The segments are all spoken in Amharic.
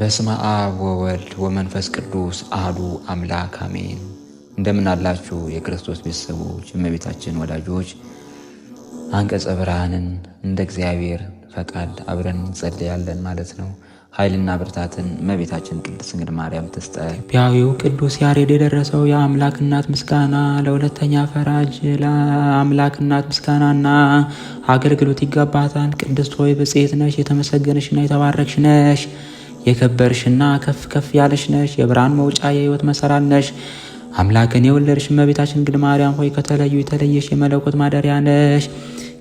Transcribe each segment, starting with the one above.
በስመ አብ ወወልድ ወመንፈስ ቅዱስ አህዱ አምላክ አሜን። እንደምን አላችሁ የክርስቶስ ቤተሰቦች፣ እመቤታችን ወዳጆች። አንቀጸ ብርሃንን እንደ እግዚአብሔር ፈቃድ አብረን እንጸልያለን ማለት ነው። ኃይልና ብርታትን እመቤታችን ቅድስት ድንግል ማርያም ትስጠ። ኢትዮጵያዊው ቅዱስ ያሬድ የደረሰው የአምላክ እናት ምስጋና ለሁለተኛ ፈራጅ ለአምላክ እናት ምስጋናና አገልግሎት ይገባታል። ቅድስት ሆይ ብጽዕት ነሽ፣ የተመሰገነሽ እና የተባረክሽ ነሽ። የከበርሽና ከፍ ከፍ ያለሽ ነሽ፣ የብርሃን መውጫ የህይወት መሰራት ነሽ። አምላክን የወለድሽ እመቤታችን ድንግል ማርያም ሆይ ከተለዩ የተለየሽ የመለኮት ማደሪያ ነሽ።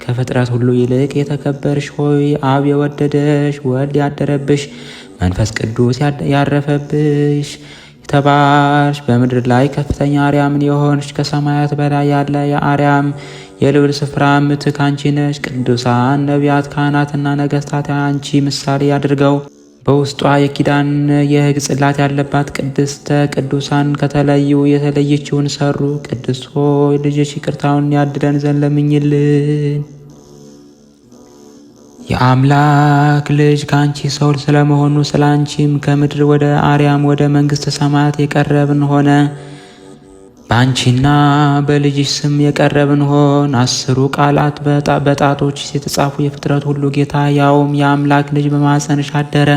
ከፍጥረት ሁሉ ይልቅ የተከበርሽ ሆይ አብ የወደደሽ ወልድ ያደረብሽ መንፈስ ቅዱስ ያረፈብሽ ተባርሽ በምድር ላይ ከፍተኛ አርያምን የሆንሽ ከሰማያት በላይ ያለ የአርያም የልብል ስፍራ ምትክ አንቺ ነሽ። ቅዱሳን ነቢያት፣ ካህናትና ነገስታት አንቺ ምሳሌ አድርገው በውስጧ የኪዳን የሕግ ጽላት ያለባት ቅድስተ ቅዱሳን ከተለዩ የተለየችውን ሰሩ። ቅዱስ ሆይ ልጅሽ ይቅርታውን ያድለን ዘንድ ለምኝልን። የአምላክ ልጅ ከአንቺ ሰው ስለመሆኑ ስለ አንቺም ከምድር ወደ አርያም ወደ መንግሥተ ሰማያት የቀረብን ሆነ። በአንቺና በልጅሽ ስም የቀረብን ሆን አስሩ ቃላት በጣቶች የተጻፉ የፍጥረት ሁሉ ጌታ ያውም የአምላክ ልጅ በማፀንሽ አደረ።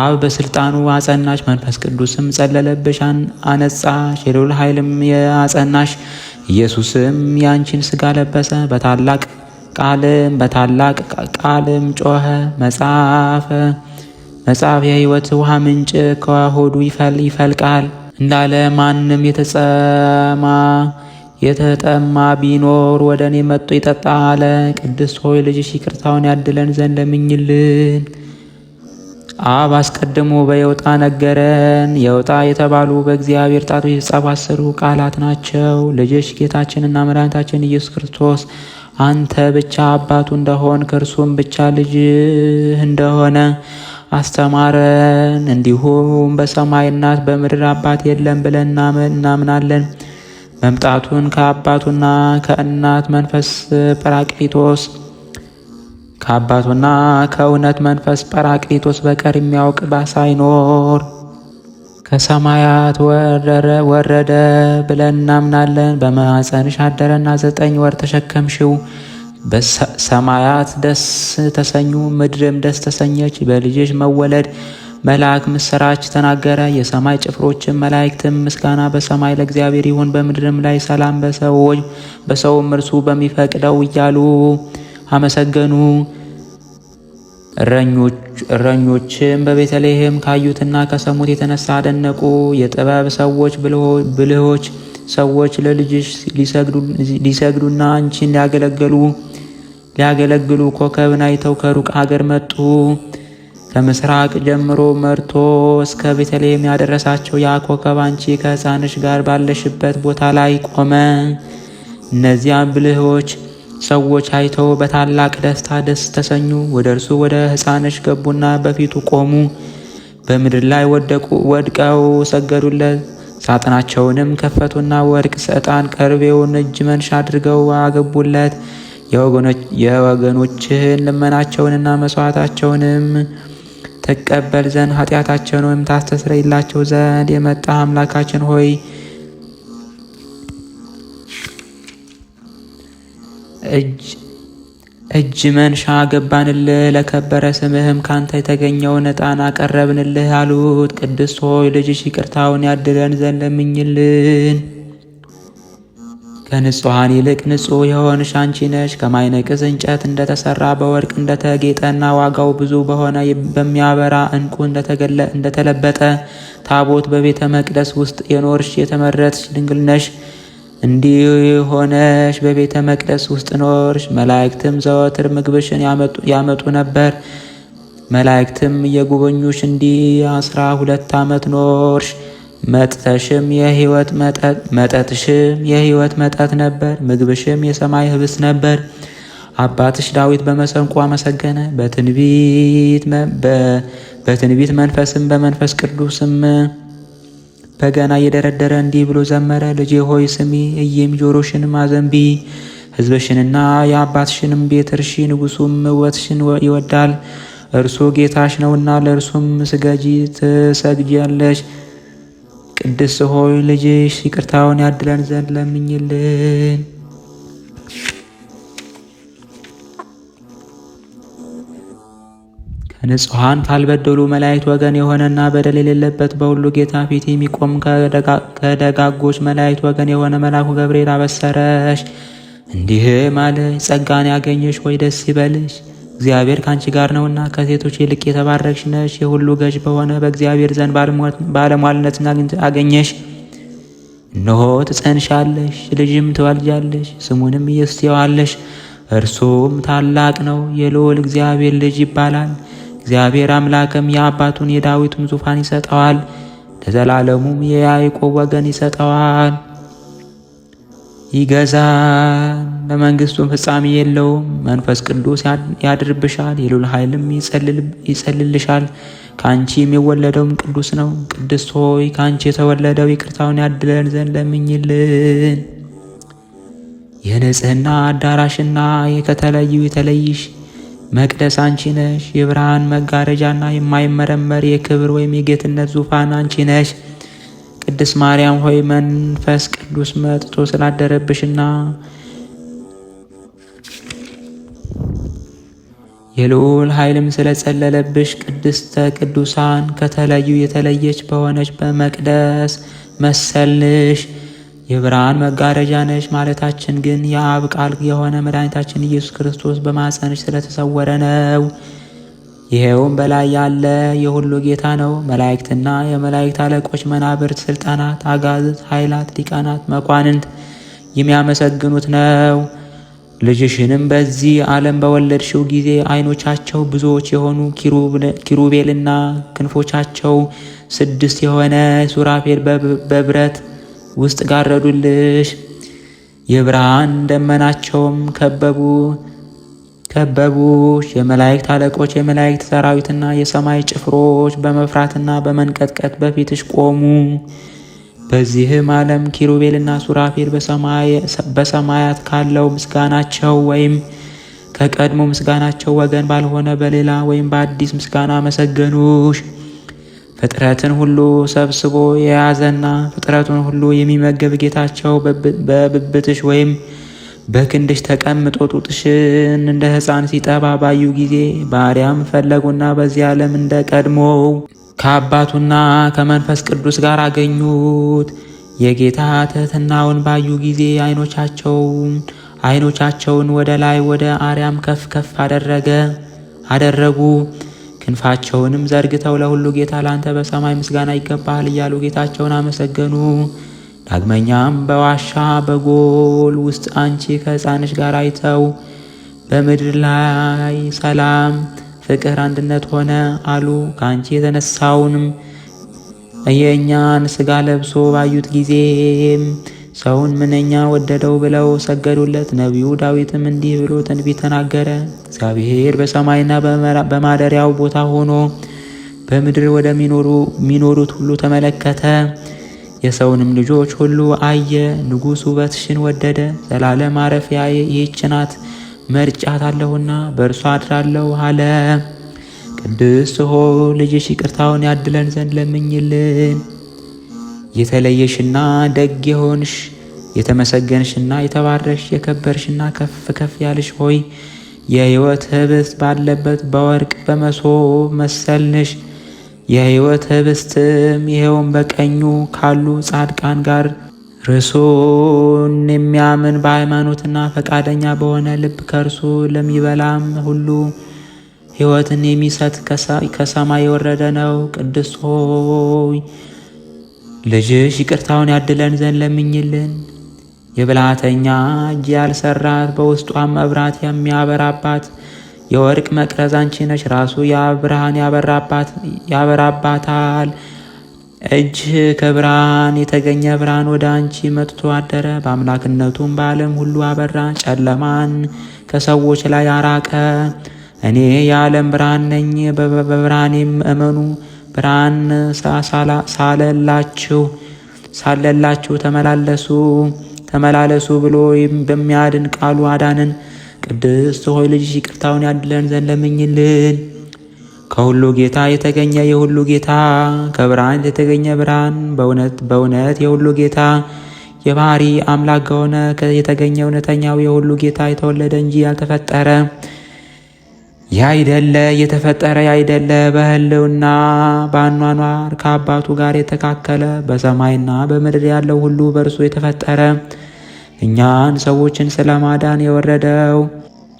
አብ በስልጣኑ አጸናሽ፣ መንፈስ ቅዱስም ጸለለብሻን አነጻሽ፣ የልዑል ኃይልም የአጸናሽ። ኢየሱስም የአንቺን ስጋ ለበሰ፣ በታላቅ ቃልም በታላቅ ቃልም ጮኸ። መጽሐፈ መጽሐፍ የሕይወት ውሃ ምንጭ ከሆዱ ይፈልቃል። እንዳለ ማንም የተጸማ የተጠማ ቢኖር ወደ እኔ መጥቶ ይጠጣ አለ። ቅድስት ሆይ ልጅሽ ይቅርታውን ያድለን ዘንድ ለምኝልን። አብ አስቀድሞ በየውጣ ነገረን። የውጣ የተባሉ በእግዚአብሔር ጣቶች የተጸባሰሩ ቃላት ናቸው። ልጅሽ ጌታችንና መድኃኒታችን ኢየሱስ ክርስቶስ አንተ ብቻ አባቱ እንደሆን ከእርሱም ብቻ ልጅህ እንደሆነ አስተማረን። እንዲሁም በሰማይና በምድር አባት የለም ብለን እናምናለን። መምጣቱን ከአባቱና ከእናት መንፈስ ጰራቅሊጦስ ከአባቱና ከእውነት መንፈስ ጰራቅሊጦስ በቀር የሚያውቅ ባሳይኖር ከሰማያት ወረደ ብለን እናምናለን። በማኅፀንሽ አደረና ዘጠኝ ወር ተሸከምሽው ሰማያት ደስ ተሰኙ፣ ምድርም ደስ ተሰኘች። በልጅሽ መወለድ መልአክ ምስራች ተናገረ። የሰማይ ጭፍሮችም መላእክትም ምስጋና በሰማይ ለእግዚአብሔር ይሁን፣ በምድርም ላይ ሰላም በሰዎች በሰውም እርሱ በሚፈቅደው እያሉ አመሰገኑ። እረኞችም በቤተልሔም ካዩትና ከሰሙት የተነሳ አደነቁ። የጥበብ ሰዎች ብልሆች ሰዎች ለልጅሽ ሊሰግዱና አንቺን ሊያገለግሉ ሊያገለግሉ ኮከብን አይተው ከሩቅ ሀገር መጡ። ከምስራቅ ጀምሮ መርቶ እስከ ቤተልሔም ያደረሳቸው ያ ኮከብ አንቺ ከሕፃንሽ ጋር ባለሽበት ቦታ ላይ ቆመ። እነዚያም ብልህዎች ሰዎች አይተው በታላቅ ደስታ ደስ ተሰኙ። ወደ እርሱ ወደ ሕፃንሽ ገቡና በፊቱ ቆሙ። በምድር ላይ ወደቁ፣ ወድቀው ሰገዱለት። ሳጥናቸውንም ከፈቱና ወርቅ፣ ዕጣን፣ ከርቤውን እጅ መንሻ አድርገው አገቡለት። የወገኖችህን ልመናቸውንና መስዋዕታቸውንም ትቀበል ዘንድ ኃጢአታቸውን ወይም ታስተስረይላቸው ዘንድ የመጣ አምላካችን ሆይ እጅ እጅ መንሻ ገባንልህ፣ ለከበረ ስምህም ካንተ የተገኘውን ዕጣን አቀረብንልህ አሉት። ቅድስት ሆይ ልጅሽ ይቅርታውን ያድለን ዘንድ ለምኝልን። ከንጹሐን ይልቅ ንጹሕ የሆንሽ አንቺ ነሽ። ከማይነቅዝ እንጨት እንደተሰራ በወርቅ እንደተጌጠና ዋጋው ብዙ በሆነ በሚያበራ እንቁ እንደተለበጠ ታቦት በቤተ መቅደስ ውስጥ የኖርሽ የተመረጥሽ ድንግል ነሽ። እንዲህ ሆነሽ በቤተ መቅደስ ውስጥ ኖርሽ። መላእክትም ዘወትር ምግብሽን ያመጡ ነበር። መላእክትም የጉበኙሽ እንዲህ አስራ ሁለት ዓመት ኖርሽ። መጥተሽም የህይወት መጠጥሽም የህይወት መጠጥ ነበር፣ ምግብሽም የሰማይ ህብስት ነበር። አባትሽ ዳዊት በመሰንቆ አመሰገነ። በትንቢት መንፈስም በመንፈስ ቅዱስም በገና እየደረደረ እንዲህ ብሎ ዘመረ። ልጄ ሆይ ስሚ፣ እይም፣ ጆሮሽንም አዘንቢ። ህዝብሽንና የአባትሽንም ቤት እርሺ። ንጉሱም ውበትሽን ይወዳል። እርሱ ጌታሽ ነውና ለእርሱም ስገጂ ትሰግጃለሽ። ቅድስት ሆይ ልጅሽ ይቅርታውን ያድለን ዘንድ ለምኝልን። ከንጹሐን ካልበደሉ መላእክት ወገን የሆነና በደል የሌለበት በሁሉ ጌታ ፊት የሚቆም ከደጋጎች መላእክት ወገን የሆነ መልአኩ ገብርኤል አበሰረሽ፣ እንዲህ አለ። ጸጋን ያገኘሽ ወይ ደስ ይበልሽ እግዚአብሔር ከአንቺ ጋር ነውና ከሴቶች ይልቅ የተባረክሽ ነሽ። የሁሉ ገዥ በሆነ በእግዚአብሔር ዘንድ ባለሟልነትን አገኘሽ። እነሆ ትጸንሻለሽ፣ ልጅም ትወልጃለሽ፣ ስሙንም ኢየሱስ ትዪዋለሽ። እርሱም ታላቅ ነው፣ የልዑል እግዚአብሔር ልጅ ይባላል። እግዚአብሔር አምላክም የአባቱን የዳዊቱን ዙፋን ይሰጠዋል፣ ለዘላለሙም የያዕቆብ ወገን ይሰጠዋል። ይገዛል። ለመንግስቱም ፍጻሜ የለውም። መንፈስ ቅዱስ ያድርብሻል፣ የልዑል ኃይልም ይጸልልሻል። ከአንቺ የሚወለደውም ቅዱስ ነው። ቅድስት ሆይ ከአንቺ የተወለደው ይቅርታውን ያድለን ዘንድ ለምኝልን። የንጽህና አዳራሽና የከተለዩ የተለይሽ መቅደስ አንቺ ነሽ። የብርሃን መጋረጃና የማይመረመር የክብር ወይም የጌትነት ዙፋን አንቺ ነሽ። ቅድስት ማርያም ሆይ መንፈስ ቅዱስ መጥቶ ስላደረብሽና የልዑል ኃይልም ስለጸለለብሽ ቅድስተ ቅዱሳን ከተለዩ የተለየች በሆነች በመቅደስ መሰልንሽ። የብርሃን መጋረጃ ነሽ ማለታችን ግን የአብ ቃል የሆነ መድኃኒታችን ኢየሱስ ክርስቶስ በማፀንሽ ስለተሰወረ ነው። ይሄውም በላይ ያለ የሁሉ ጌታ ነው። መላእክትና የመላእክት አለቆች፣ መናብርት፣ ስልጣናት፣ አጋዝት፣ ኃይላት፣ ሊቃናት፣ መኳንንት የሚያመሰግኑት ነው። ልጅሽንም በዚህ ዓለም በወለድሽው ጊዜ ዓይኖቻቸው ብዙዎች የሆኑ ኪሩቤልና ክንፎቻቸው ስድስት የሆነ ሱራፌል በብረት ውስጥ ጋረዱልሽ። የብርሃን ደመናቸውም ከበቡ። ከበቡሽ። የመላእክት አለቆች የመላእክት ሰራዊትና የሰማይ ጭፍሮች በመፍራትና በመንቀጥቀጥ በፊትሽ ቆሙ። በዚህም ዓለም ኪሩቤልና ሱራፌል በሰማያት ካለው ምስጋናቸው ወይም ከቀድሞ ምስጋናቸው ወገን ባልሆነ በሌላ ወይም በአዲስ ምስጋና መሰገኑሽ ፍጥረትን ሁሉ ሰብስቦ የያዘና ፍጥረቱን ሁሉ የሚመገብ ጌታቸው በብብትሽ ወይም በክንድሽ ተቀምጦ ጡጥሽን እንደ ሕፃን ሲጠባ ባዩ ጊዜ ባሪያም ፈለጉና በዚህ ዓለም እንደ ቀድሞው ከአባቱና ከመንፈስ ቅዱስ ጋር አገኙት። የጌታ ትህትናውን ባዩ ጊዜ አይኖቻቸውን አይኖቻቸውን ወደ ላይ ወደ አርያም ከፍ ከፍ አደረገ አደረጉ። ክንፋቸውንም ዘርግተው ለሁሉ ጌታ ላንተ በሰማይ ምስጋና ይገባሃል እያሉ ጌታቸውን አመሰገኑ። ዳግመኛም በዋሻ በጎል ውስጥ አንቺ ከሕፃንሽ ጋር አይተው በምድር ላይ ሰላም፣ ፍቅር፣ አንድነት ሆነ አሉ። ከአንቺ የተነሳውንም የእኛን ሥጋ ለብሶ ባዩት ጊዜም ሰውን ምንኛ ወደደው ብለው ሰገዱለት። ነቢዩ ዳዊትም እንዲህ ብሎ ትንቢት ተናገረ። እግዚአብሔር በሰማይና በማደሪያው ቦታ ሆኖ በምድር ወደሚኖሩት ሁሉ ተመለከተ። የሰውንም ልጆች ሁሉ አየ። ንጉሥ ውበትሽን ወደደ። ዘላለም ማረፊያ ይህች ናት፣ አለሁና በእርሷ አድራለሁ አለ። ቅድስት ሆይ ልጅሽ ይቅርታውን ያድለን ዘንድ ለምኝልን። የተለየሽና ደግ የሆንሽ የተመሰገንሽና የተባረሽ የከበርሽና ከፍ ከፍ ያልሽ ሆይ የሕይወት ህብስት ባለበት በወርቅ በመሶብ መሰልንሽ። የሕይወት ህብስትም ይኸውም በቀኙ ካሉ ጻድቃን ጋር ርሱን የሚያምን በሃይማኖትና ፈቃደኛ በሆነ ልብ ከእርሱ ለሚበላም ሁሉ ሕይወትን የሚሰጥ ከሰማይ የወረደ ነው። ቅዱስ ሆይ ልጅሽ ይቅርታውን ያድለን ዘንድ ለምኝልን። የብላተኛ እጅ ያልሰራት በውስጧም መብራት የሚያበራባት የወርቅ መቅረዝ አንቺ ነች። ራሱ የብርሃን ያበራባታል። እጅ ከብርሃን የተገኘ ብርሃን ወደ አንቺ መጥቶ አደረ። በአምላክነቱም በዓለም ሁሉ አበራ፣ ጨለማን ከሰዎች ላይ አራቀ። እኔ የዓለም ብርሃን ነኝ፣ በብርሃኔም እመኑ። ብርሃን ሳለላችሁ ሳለላችሁ ተመላለሱ ተመላለሱ ብሎ በሚያድን ቃሉ አዳንን። ቅድስት ሆይ ልጅሽ ይቅርታውን ያድለን ዘንድ ለምኝልን። ከሁሉ ጌታ የተገኘ የሁሉ ጌታ ከብርሃን የተገኘ ብርሃን በእውነት በእውነት የሁሉ ጌታ የባህሪ አምላክ ከሆነ የተገኘ እውነተኛው የሁሉ ጌታ የተወለደ እንጂ ያልተፈጠረ ያይደለ የተፈጠረ ያይደለ በህልውና በአኗኗር ከአባቱ ጋር የተካከለ በሰማይና በምድር ያለው ሁሉ በእርሱ የተፈጠረ እኛን ሰዎችን ስለማዳን የወረደው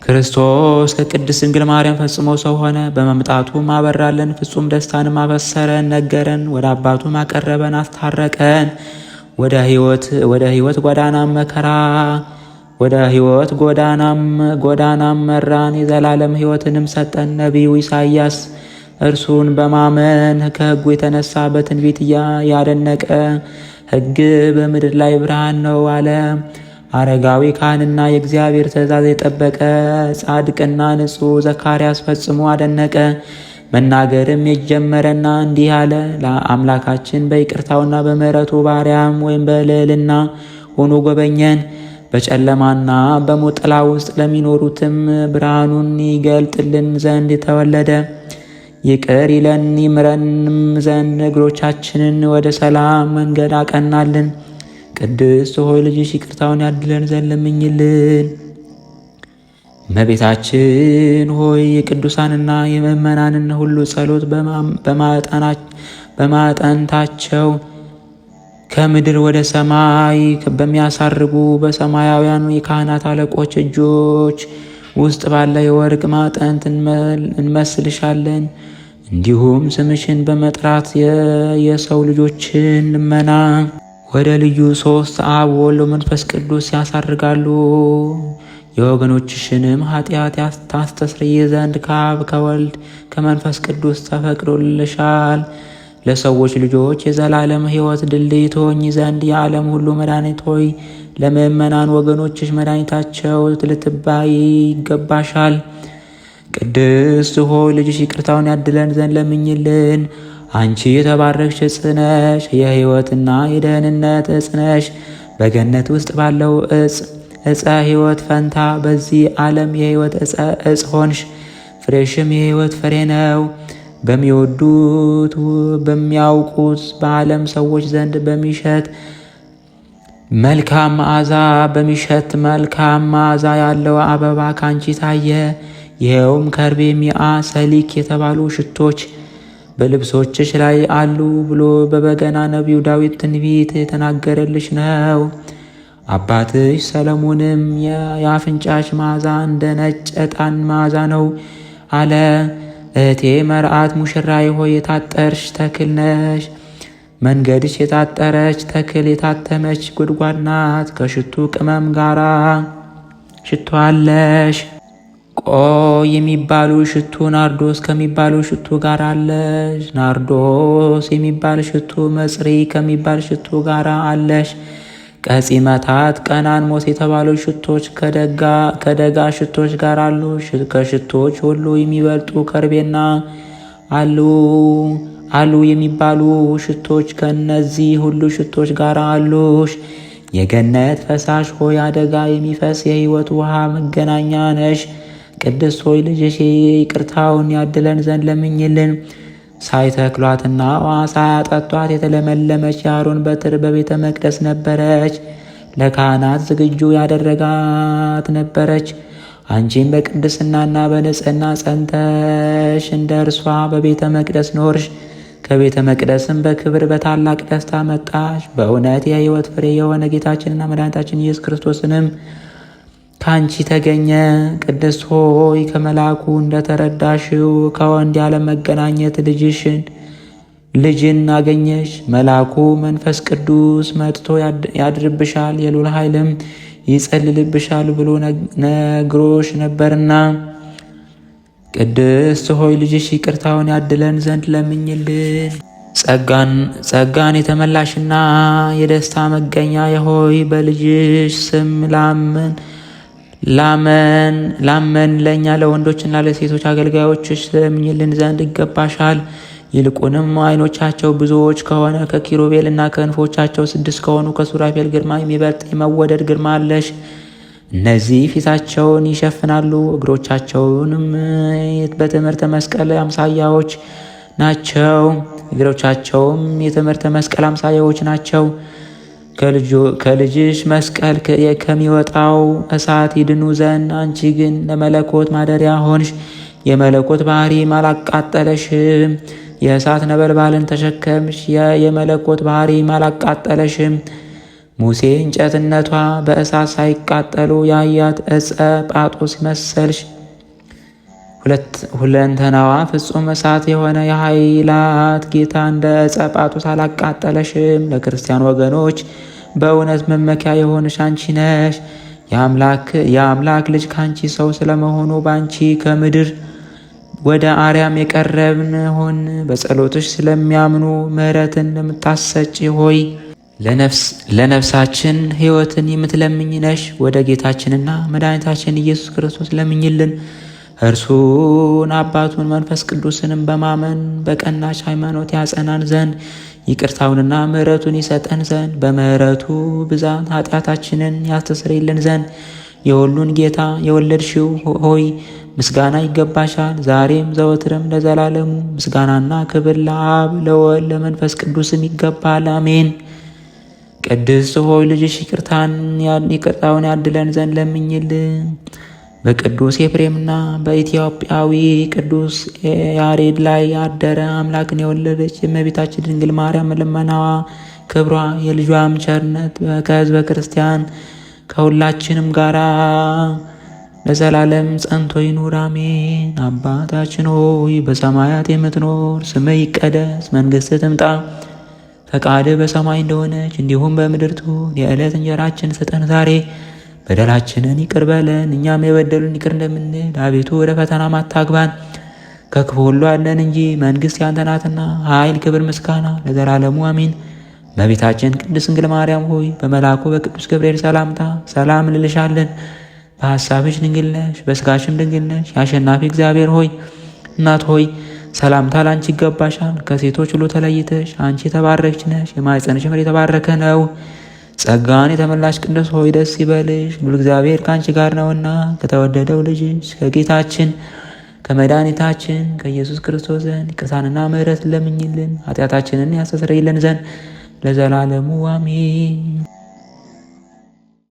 ክርስቶስ ከቅድስት ድንግል ማርያም ፈጽሞ ሰው ሆነ። በመምጣቱም አበራለን፣ ፍጹም ደስታን አበሰረን፣ ነገረን፣ ወደ አባቱም አቀረበን፣ አስታረቀን። ወደ ህይወት ወደ ህይወት ጎዳናም መከራ ወደ ህይወት ጎዳናም ጎዳናም መራን፣ የዘላለም ህይወትንም ሰጠን። ነቢዩ ኢሳይያስ እርሱን በማመን ከህጉ የተነሳ በትንቢት ያደነቀ ህግ በምድር ላይ ብርሃን ነው አለ። አረጋዊ ካህንና የእግዚአብሔር ትእዛዝ የጠበቀ ጻድቅና ንጹሕ ዘካርያስ ፈጽሞ አደነቀ። መናገርም የጀመረና እንዲህ አለ። ለአምላካችን በይቅርታውና በምሕረቱ ባርያም ወይም በልዕልና ሆኖ ጎበኘን። በጨለማና በሞት ጥላ ውስጥ ለሚኖሩትም ብርሃኑን ይገልጥልን ዘንድ ተወለደ። ይቅር ይለን ይምረንም ዘንድ እግሮቻችንን ወደ ሰላም መንገድ አቀናልን። ቅድስት ሆይ ልጅሽ ይቅርታውን ያድለን ዘንድ ለምኝልን። እመቤታችን ሆይ የቅዱሳንና የምእመናንን ሁሉ ጸሎት በማጠንታቸው ከምድር ወደ ሰማይ በሚያሳርጉ በሰማያውያኑ የካህናት አለቆች እጆች ውስጥ ባለ የወርቅ ማጠንት እንመስልሻለን። እንዲሁም ስምሽን በመጥራት የሰው ልጆችን ልመና ወደ ልዩ ሶስት አብ ወሎ መንፈስ ቅዱስ ያሳርጋሉ። የወገኖችሽንም ኃጢአት ታስተስርይ ዘንድ ከአብ ከወልድ ከመንፈስ ቅዱስ ተፈቅዶልሻል። ለሰዎች ልጆች የዘላለም ሕይወት ድልድይ ትሆኝ ዘንድ የዓለም ሁሉ መድኃኒት ሆይ ለምእመናን ወገኖችሽ መድኃኒታቸው ልትባይ ይገባሻል። ቅድስት ሆይ ልጅሽ ይቅርታውን ያድለን ዘንድ ለምኝልን። አንቺ የተባረክሽ ጽነሽ የሕይወትና የደህንነት እጽነሽ በገነት ውስጥ ባለው እፀ ሕይወት ፈንታ በዚህ ዓለም የሕይወት እጽ ሆንሽ። ፍሬሽም የሕይወት ፍሬ ነው። በሚወዱት በሚያውቁት በዓለም ሰዎች ዘንድ በሚሸት መልካም መዓዛ በሚሸት መልካም መዓዛ ያለው አበባ ካንቺ ታየ። ይኸውም ከርቤ፣ ሚአ፣ ሰሊክ የተባሉ ሽቶች በልብሶችሽ ላይ አሉ ብሎ በበገና ነቢዩ ዳዊት ትንቢት የተናገረልሽ ነው። አባትሽ ሰለሞንም የአፍንጫሽ መዓዛ እንደ ነጭ ዕጣን መዓዛ ነው አለ። እህቴ መርአት ሙሽራዬ ሆይ የታጠርሽ ተክል ነሽ። መንገድሽ የታጠረች ተክል የታተመች ጉድጓድ ናት። ከሽቱ ቅመም ጋራ ሽቶ አለሽ። ቆ የሚባሉ ሽቱ ናርዶስ ከሚባሉ ሽቱ ጋር አለሽ። ናርዶስ የሚባል ሽቱ መጽሪ ከሚባል ሽቱ ጋር አለሽ። ቀጺመታት ቀናንሞስ የተባሉ ሽቶች ከደጋ ሽቶች ጋር አሉ። ከሽቶች ሁሉ የሚበልጡ ከርቤና አሉ አሉ የሚባሉ ሽቶች ከነዚህ ሁሉ ሽቶች ጋር አሉሽ። የገነት ፈሳሽ ሆይ አደጋ የሚፈስ የሕይወት ውሃ መገናኛ ነሽ። ቅድስት ሆይ ልጅሽ ይቅርታውን ያድለን ዘንድ ለምኝልን። ሳይተክሏትና ውሃ ሳያጠጧት የተለመለመች የአሮን በትር በቤተ መቅደስ ነበረች፣ ለካህናት ዝግጁ ያደረጋት ነበረች። አንቺም በቅድስናና በንጽህና ጸንተሽ እንደ እርሷ በቤተ መቅደስ ኖርሽ። ከቤተ መቅደስም በክብር በታላቅ ደስታ መጣሽ። በእውነት የሕይወት ፍሬ የሆነ ጌታችንና መድኃኒታችን ኢየሱስ ክርስቶስንም ከአንቺ ተገኘ። ቅድስት ሆይ ከመልአኩ እንደተረዳሽው ከወንድ ያለመገናኘት ልጅሽን ልጅን አገኘሽ። መልአኩ መንፈስ ቅዱስ መጥቶ ያድርብሻል፣ የሉል ኃይልም ይጸልልብሻል ብሎ ነግሮሽ ነበርና ቅድስት ሆይ ልጅሽ ይቅርታውን ያድለን ዘንድ ለምኝልን። ጸጋን የተመላሽና የደስታ መገኛ የሆይ በልጅሽ ስም ላምን ላመን ላመን ለእኛ ለወንዶችና ለሴቶች አገልጋዮች ለምኝልን ዘንድ ይገባሻል። ይልቁንም አይኖቻቸው ብዙዎች ከሆነ ከኪሩቤልና ከእንፎቻቸው ስድስት ከሆኑ ከሱራፌል ግርማ የሚበልጥ የመወደድ ግርማ አለሽ። እነዚህ ፊታቸውን ይሸፍናሉ፣ እግሮቻቸውንም በትምህርተ መስቀል አምሳያዎች ናቸው። እግሮቻቸውም የትምህርተ መስቀል አምሳያዎች ናቸው። ከልጅሽ መስቀል ከሚወጣው እሳት ይድኑ ዘንድ አንቺ ግን ለመለኮት ማደሪያ ሆንሽ። የመለኮት ባህሪም አላቃጠለሽም። የእሳት ነበልባልን ተሸከምሽ። የመለኮት ባህሪም አላቃጠለሽም። ሙሴ እንጨትነቷ በእሳት ሳይቃጠሉ ያያት ዕፀ ጳጦስ መሰልሽ። ሁለንተናዋ ፍጹም እሳት የሆነ የኃይላት ጌታ እንደ ዕፀ ጳጦስ አላቃጠለሽም። ለክርስቲያን ወገኖች በእውነት መመኪያ የሆንሽ አንቺ ነሽ። የአምላክ ልጅ ከአንቺ ሰው ስለመሆኑ በአንቺ ከምድር ወደ አርያም የቀረብን ሆን በጸሎትሽ ስለሚያምኑ ምሕረትን የምታሰጭ ሆይ ለነፍሳችን ሕይወትን የምትለምኝ ነሽ። ወደ ጌታችንና መድኃኒታችን ኢየሱስ ክርስቶስ ለምኝልን። እርሱን አባቱን መንፈስ ቅዱስንም በማመን በቀናች ሃይማኖት ያጸናን ዘንድ ይቅርታውንና ምሕረቱን ይሰጠን ዘንድ በምሕረቱ ብዛት ኃጢአታችንን ያስተሰርይልን ዘንድ የሁሉን ጌታ የወለድሽው ሆይ ምስጋና ይገባሻል። ዛሬም ዘወትርም ለዘላለሙ ምስጋናና ክብር ለአብ ለወልድ ለመንፈስ ቅዱስም ይገባል፣ አሜን። ቅድስት ሆይ ልጅሽ ይቅርታን ይቅርታውን ያድለን ዘንድ ለምኝልን። በቅዱስ ኤፍሬምና በኢትዮጵያዊ ቅዱስ ያሬድ ላይ ያደረ አምላክን የወለደች የእመቤታችን ድንግል ማርያም ልመናዋ ክብሯ የልጇም ቸርነት ከሕዝበ ክርስቲያን ከሁላችንም ጋራ ለዘላለም ጸንቶ ይኑር አሜን። አባታችን ሆይ በሰማያት የምትኖር ስም ይቀደስ፣ መንግሥት ትምጣ፣ ፈቃድህ በሰማይ እንደሆነች እንዲሁም በምድር ትሁን። የዕለት እንጀራችን ስጠን ዛሬ በደላችንን ይቅር በለን እኛም የበደሉን ይቅር እንደምንል። አቤቱ ወደ ፈተና ማታግባን ከክፉ ሁሉ አለን እንጂ መንግሥት ያንተ ናትና ኃይል፣ ክብር፣ ምስጋና ለዘላለሙ አሜን። እመቤታችን ቅድስት ድንግል ማርያም ሆይ በመልአኩ በቅዱስ ገብርኤል ሰላምታ ሰላም እንልሻለን። በሐሳብሽ ድንግል ነሽ፣ በሥጋሽም ድንግል ነሽ። የአሸናፊ እግዚአብሔር ሆይ እናት ሆይ ሰላምታ ላንቺ ይገባሻል። ከሴቶች ሁሉ ተለይተሽ አንቺ የተባረክሽ ነሽ፣ የማኅፀንሽ ፍሬ የተባረከ ነው። ጸጋን የተመላሽ ቅዱስ ሆይ ደስ ይበልሽ፣ ሙሉ እግዚአብሔር ከአንቺ ጋር ነውና ከተወደደው ልጅሽ ከጌታችን ከመድኃኒታችን ከኢየሱስ ክርስቶስ ዘንድ ቅሳንና ምሕረት ለምኝልን ኃጢአታችንን ያስተሰርይልን ዘንድ ለዘላለሙ አሜን።